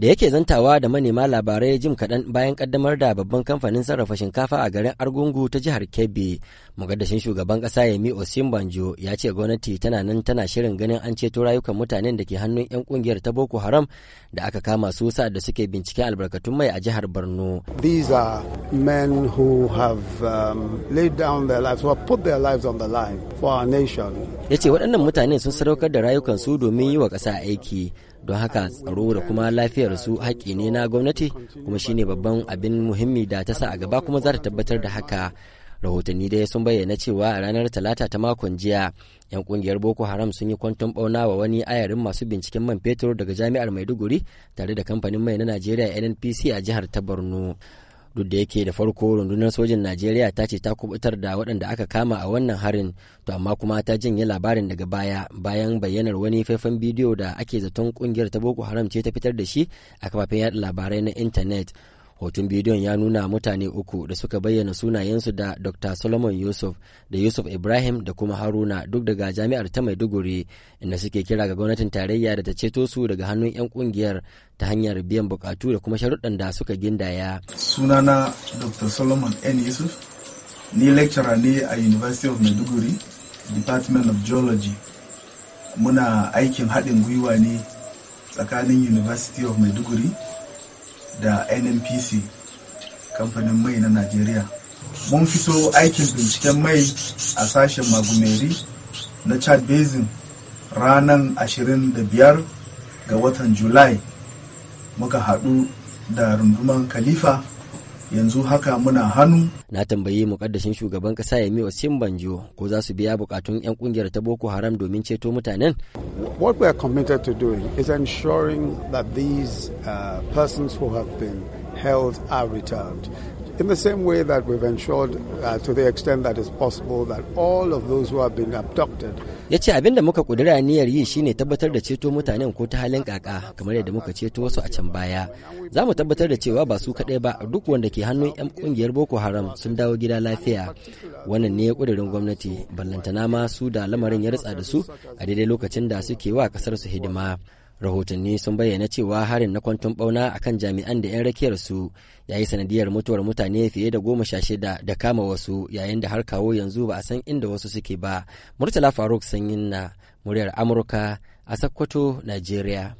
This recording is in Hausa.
da yake zantawa da manema labarai jim kaɗan bayan ƙaddamar da babban kamfanin sarrafa shinkafa a garin argungu ta jihar kebbi magadashin shugaban ƙasa yemi osimbanjo ya ce gwamnati tana nan tana shirin ganin an ceto rayukan mutanen da ke hannun 'yan ƙungiyar ta boko haram da aka kama su sa da suke binciken albarkatun mai a jihar borno these are men who have um, down their lives ya ce waɗannan mutanen sun sadaukar da rayukansu domin yi wa ƙasa aiki don haka tsaro da kuma lafiyar su haƙƙi ne na gwamnati kuma shine babban abin muhimmi da ta sa a gaba kuma za ta tabbatar da haka rahotanni dai sun bayyana cewa a ranar talata ta makon jiya yan kungiyar boko haram sun yi kwanton bauna wa wani ayarin masu binciken man fetur daga jami'ar maiduguri tare da kamfanin mai na najeriya nnpc a jihar ta borno duk da yake da farko rundunar sojin najeriya ta ce ta kubutar da waɗanda aka kama a wannan harin to amma kuma ta janye labarin daga baya bayan bayyanar wani faifan bidiyo da ake zaton kungiyar ta boko haram ce ta fitar da shi a kafafen yada labarai na intanet hoton bidiyon ya nuna mutane uku da suka bayyana sunayensu da dr solomon yusuf da yusuf ibrahim da kuma haruna duk daga jami'ar ta maiduguri inda suke kira ga gwamnatin tarayya da ta ceto su daga hannun 'yan kungiyar ta hanyar biyan bukatu da kuma sharuɗan da suka gindaya sunana dr solomon n yusuf ni lecturer ne a university of maiduguri department of geology muna aikin haɗin gwiwa ne tsakanin university of maiduguri da nnpc kamfanin mai na najeriya mun fito aikin binciken mai a sashen magumeri na chad basin ranar 25 ga watan julai muka haɗu da rundunar khalifa yanzu haka muna hannu. Na tambayi mukaddashin shugaban kasa Yemi Banjo ko za su biya bukatun 'yan kungiyar ta Boko Haram domin ceto mutanen. What we are committed to doing is ensuring that these uh, persons who have been held are returned. in the same way that we've ensured uh, to the extent that is possible that all of those who have been abducted ya ce abin da muka kudura niyyar yi shine tabbatar da ceto mutanen ko ta halin kaka kamar yadda muka ceto wasu a can baya za mu tabbatar da cewa ba su kaɗai ba duk wanda ke hannun 'yan kungiyar boko haram sun dawo gida lafiya wannan ne ya kudirin gwamnati ballantana ma su da lamarin ya da su a daidai lokacin da suke wa kasar su hidima rahotanni sun bayyana cewa harin na kwanton bauna akan jami'an da 'yan rakiyar su ya yi sanadiyar mutuwar mutane fiye da goma sha shida da kama wasu yayin da har kawo yanzu ba a san inda wasu suke ba murtala faruk sanyin na muryar amurka a sakkwato nigeria